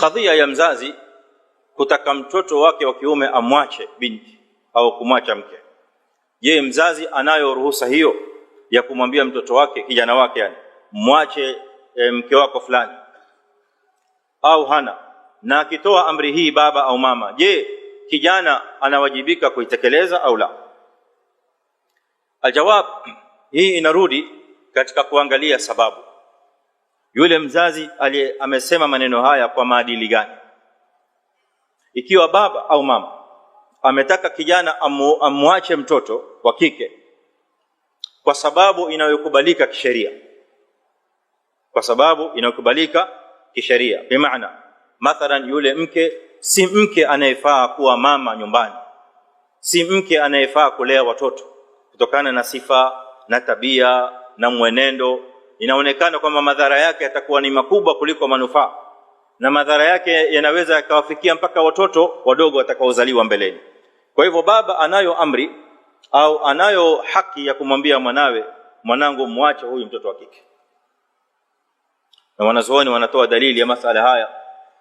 kadhia ya mzazi kutaka mtoto wake wa kiume amwache binti au kumwacha mke. Je, mzazi anayo ruhusa hiyo ya kumwambia mtoto wake kijana wake yani, mwache e, mke wako fulani au hana? Na akitoa amri hii baba au mama, je, kijana anawajibika kuitekeleza au la? Aljawab, hii inarudi katika kuangalia sababu yule mzazi aliye amesema maneno haya kwa maadili gani? Ikiwa baba au mama ametaka kijana amu, amwache mtoto wa kike kwa sababu inayokubalika kisheria, kwa sababu inayokubalika kisheria, bimaana mathalan, yule mke si mke anayefaa kuwa mama nyumbani, si mke anayefaa kulea watoto kutokana na sifa na tabia na mwenendo inaonekana kwamba madhara yake yatakuwa ni makubwa kuliko manufaa na madhara yake yanaweza yakawafikia mpaka watoto wadogo watakaozaliwa mbeleni kwa hivyo baba anayo amri au anayo haki ya kumwambia mwanawe mwanangu mwache huyu mtoto wa kike na wanazuoni wanatoa dalili ya masala haya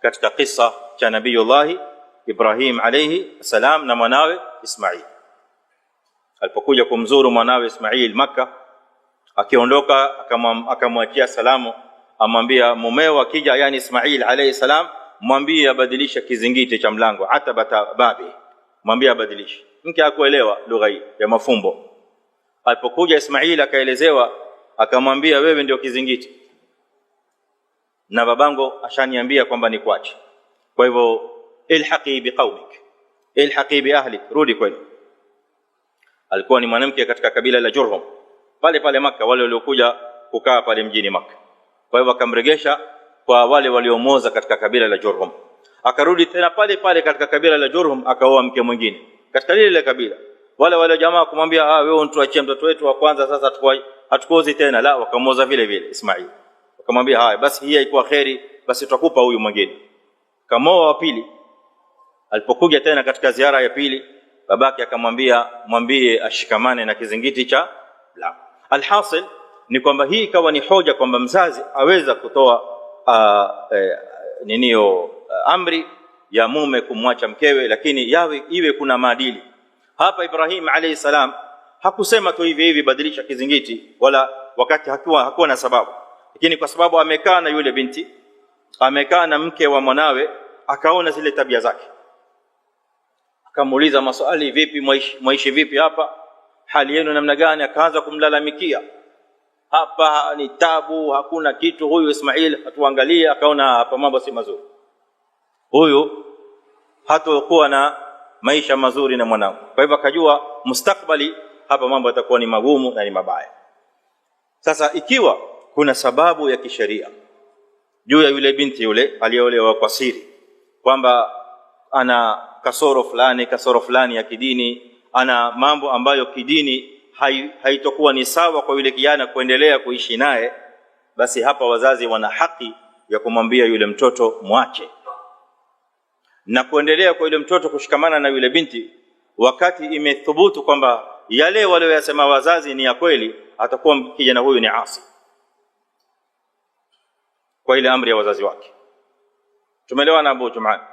katika kisa cha nabiyullahi ibrahim alayhi salam na mwanawe ismail alipokuja kumzuru mwanawe ismail makka Akiondoka akamwachia salamu, amwambia mumeo akija, yani Ismail alayhi salam, mwambie abadilishe kizingiti cha mlango, hata babi, mwambie abadilishe. Mke hakuelewa lugha hii ya mafumbo. Alipokuja Ismail akaelezewa, akamwambia wewe ndio kizingiti na babango ashaniambia kwamba nikuache, kwa hivyo ilhaqi biqaumik, ilhaqi biahlik, rudi kwenu. Alikuwa ni mwanamke katika kabila la Jurhum pale pale maka wale waliokuja kukaa pale mjini maka Kwa hiyo wakamregesha kwa wale waliomoza katika kabila la Jurhum. Akarudi tena pale pale katika kabila la Jurhum, akaoa mke mwingine katika lile la kabila. Wale wale jamaa kumwambia, ah, wewe unituachie mtoto wetu wa kwanza, sasa hatukozi tena. La, wakamoza vile vile Ismail. Wakamwambia, haya basi, hii haikuwa kheri, basi tutakupa huyu mwingine. Kamoa wa pili. Alipokuja tena katika ziara ya pili, babake akamwambia, mwambie ashikamane na kizingiti cha la Alhasil ni kwamba hii ikawa ni hoja kwamba mzazi aweza kutoa uh, eh, niniyo uh, ah, amri ya mume kumwacha mkewe, lakini yawe iwe kuna maadili. Hapa Ibrahim alayhi salam hakusema tu hivi hivi, badilisha kizingiti, wala wakati hakuwa, hakuwa na sababu, lakini kwa sababu amekaa na yule binti, amekaa na mke wa mwanawe, akaona zile tabia zake, akamuuliza maswali, vipi, mwaishi, mwaishi vipi hapa hali yenu namna gani? Akaanza kumlalamikia hapa ni tabu, hakuna kitu. Huyu Ismail hatuangalie, akaona hapa mambo si mazuri, huyu hatakuwa na maisha mazuri na mwanangu. Kwa hivyo akajua mustakbali hapa mambo yatakuwa ni magumu na ni mabaya. Sasa ikiwa kuna sababu ya kisheria juu ya yule binti yule aliyeolewa kwa siri kwamba ana kasoro fulani, kasoro fulani ya kidini ana mambo ambayo kidini haitokuwa hai ni sawa kwa yule kijana kuendelea kuishi naye, basi hapa wazazi wana haki ya kumwambia yule mtoto mwache, na kuendelea kwa yule mtoto kushikamana na yule binti wakati imethubutu kwamba yale walioyasema wazazi ni ya kweli, atakuwa kijana huyu ni asi kwa ile amri ya wazazi wake. Tumeelewana Abu Jumaa?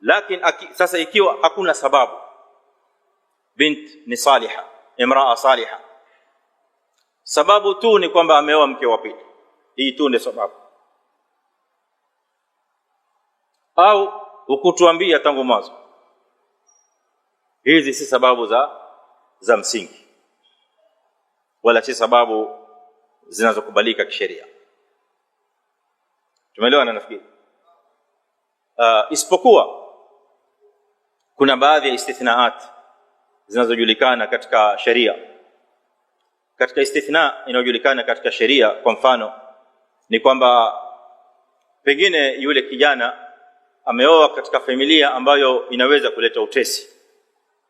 Lakini sasa ikiwa hakuna sababu bint ni saliha, imraa saliha. Sababu tu ni kwamba ameoa mke wa pili, hii tu ndio sababu. Au ukutuambia tangu mwanzo, hizi si sababu za za msingi, wala si sababu zinazokubalika kisheria. Tumeelewana nafikiri. Uh, isipokuwa kuna baadhi ya istithnaati zinazojulikana katika sheria katika istithna inayojulikana katika sheria kwa mfano ni kwamba pengine yule kijana ameoa katika familia ambayo inaweza kuleta utesi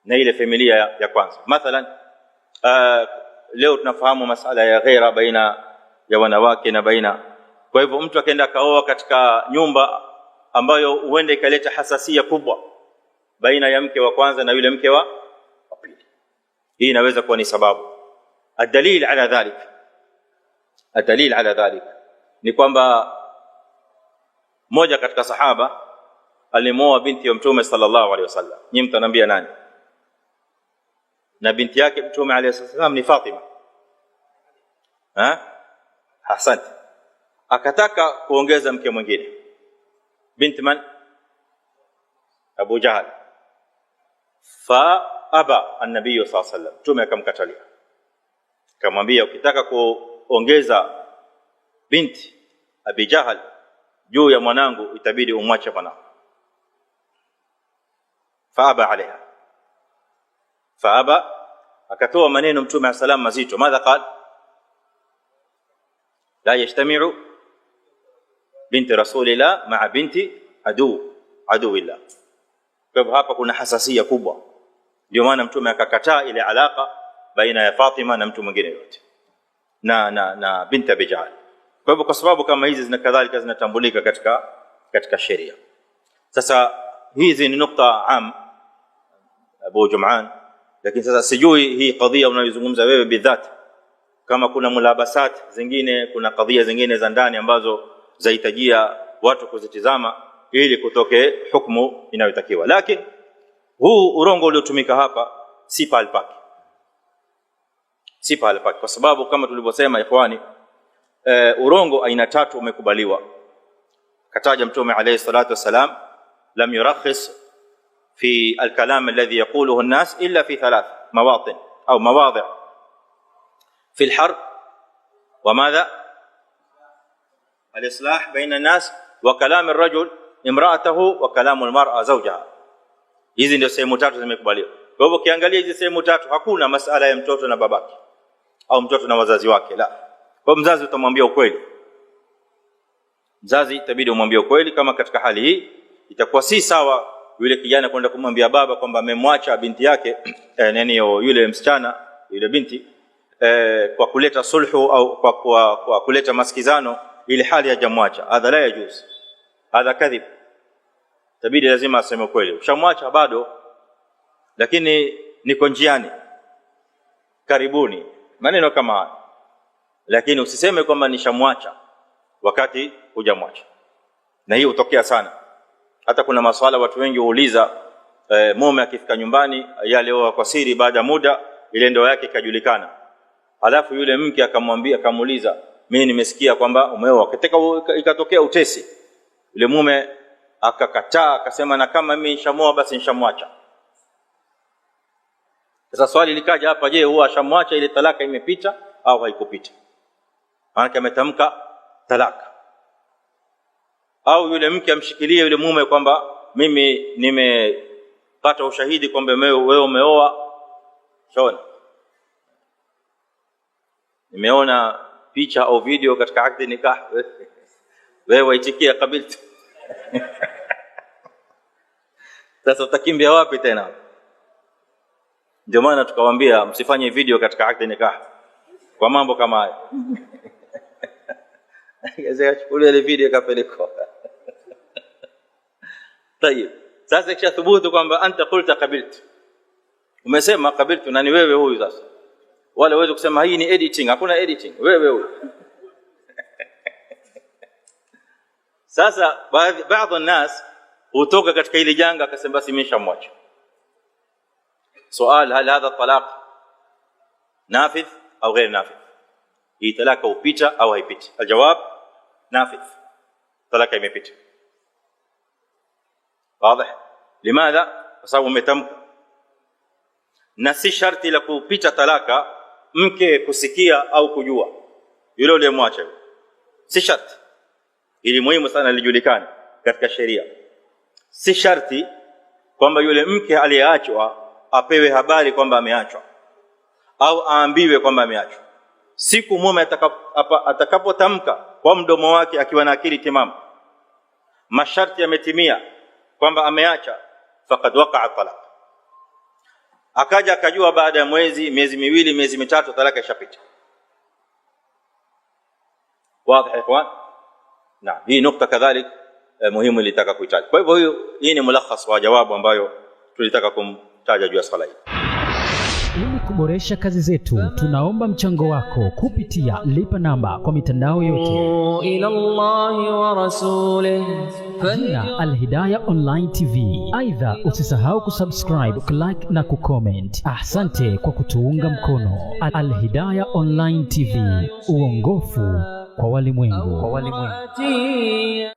na ile familia ya, ya kwanza mathalan uh, leo tunafahamu masala ya ghera baina ya wanawake na baina kwa hivyo mtu akaenda akaoa katika nyumba ambayo huenda ikaleta hasasia kubwa baina ya mke wa kwanza na yule mke wa hii inaweza kuwa ni sababu. Adalil ala dhalik, adalil ala dhalik ni kwamba moja katika sahaba alimoa binti ya Mtume sallallahu alaihi wasallam. Nyinyi mtaniambia nani? Na binti yake Mtume alaihi wasallam ni Fatima. Ha? Asante. Akataka kuongeza mke mwingine, binti man? Abu Jahal fa aba annabii saa wasallam mtume akamkatalia, akamwambia ukitaka kuongeza binti Abi Jahal juu ya mwanangu itabidi umwache mwanangu. Faaba alaiha, faaba akatoa maneno mtume asalam mazito, madha qal la yajtamiu binti rasulillah maa binti adu aduwillah. Kwa hapa kuna hasasia kubwa ndio maana mtume akakataa ile alaka baina ya Fatima na mtu mwingine yote na na na binti Bijal. Kwa hivyo kwa sababu kama hizi zina kadhalika zinatambulika katika katika sheria. Sasa hizi ni nukta am Abu Jum'an, lakini sasa sijui hii kadhia unayozungumza wewe bidhat kama kuna mulabasat zingine, kuna kadhia zingine za ndani ambazo zahitajia watu kuzitizama ili kutoke hukumu inayotakiwa, lakini huu urongo uliotumika hapa si pale pake si pale pake kwa sababu kama tulivyosema ikhwani e, urongo aina tatu umekubaliwa kataja mtume alayhi salatu wasalam lam yurakhis fi alkalam alladhi yaquluhu an illa fi thalath mawatin au mawadi fi alharb وماذا الاصلاح wa kalam alrajul الرجل wa kalam almara zawjaha Hizi ndio sehemu tatu zimekubaliwa. Kwa hivyo ukiangalia hizi sehemu tatu, hakuna masala ya mtoto na babake au mtoto na wazazi wake, la. Kwa mzazi utamwambia ukweli, mzazi itabidi umwambie ukweli. Kama katika hali hii itakuwa si sawa yule kijana kwenda kumwambia baba kwamba amemwacha binti yake eh, nani yule msichana yule binti eh, kwa kuleta sulhu au kwa, kwa, kwa kuleta masikizano, ili hali hajamwacha. Hadha la yajuz, hadha kadhib tabidi lazima aseme kweli. Ushamwacha bado, lakini niko njiani, karibuni, maneno kama haya. Lakini usiseme kwamba nishamwacha wakati hujamwacha, na hii hutokea sana. Hata kuna maswala watu wengi huuliza e, mume akifika nyumbani yalioa kwa siri, baada ya muda ile ndoa yake ikajulikana, alafu yule mke akamwambia, akamuuliza, mimi nimesikia kwamba umeoa, katika ikatokea utesi, yule mume akakataa akasema na kama mimi nishamoa basi nishamwacha sasa swali likaja hapa je huwa ashamwacha ile talaka imepita au haikupita maanake ametamka talaka au yule mke amshikilie yule mume kwamba mimi nimepata ushahidi kwamba wewe umeoa shona nimeona picha au video katika akdi nikah wewe waitikia kabiltu Sasa utakimbia wapi tena? Ndio maana tukawaambia msifanye video katika akdi nikah kwa mambo kama haya kachukulia ile video kapeleko Tayib, sasa ikisha thubutu kwamba anta qulta qabiltu, umesema qabiltu, na ni wewe huyu sasa, wala uweze kusema hii ni editing. Hakuna editing, wewe huyu sasa baadhi baadhi nas hutoka katika ile janga akasema simesha mwacho. swali hal hadha talaq nafidh au ghair nafidh hii talaka upita au haipiti aljawab nafidh talaka imepita Wazi? لماذا kwa sababu umetamka na si sharti la kupita talaka mke kusikia au kujua yule uliyemwacha si sharti ili muhimu sana lijulikane katika sheria. Si sharti kwamba yule mke aliyeachwa apewe habari kwamba ameachwa au aambiwe kwamba ameachwa. Siku mume atakapotamka kwa mdomo wake akiwa na akili timamu, masharti yametimia kwamba ameacha, faqad waqa'a talaq. Akaja akajua baada ya mwezi, miezi miwili, miezi mitatu, talaka ishapita. Wazi ikhwan? Na hii nukta kadhalik eh, muhimu ilitaka kuitaja. Kwa hivyo hiyo hii ni mulakhas wa jawabu ambayo tulitaka kumtaja juu ya swala hili. Ili kuboresha kazi zetu, tunaomba mchango wako kupitia lipa namba kwa mitandao yote ila Allah wa rasulih jina Alhidaya Online TV. Aidha, usisahau kusubscribe, like na kucomment. Asante kwa kutuunga mkono. Alhidaya Online TV, uongofu kwa walimwengu.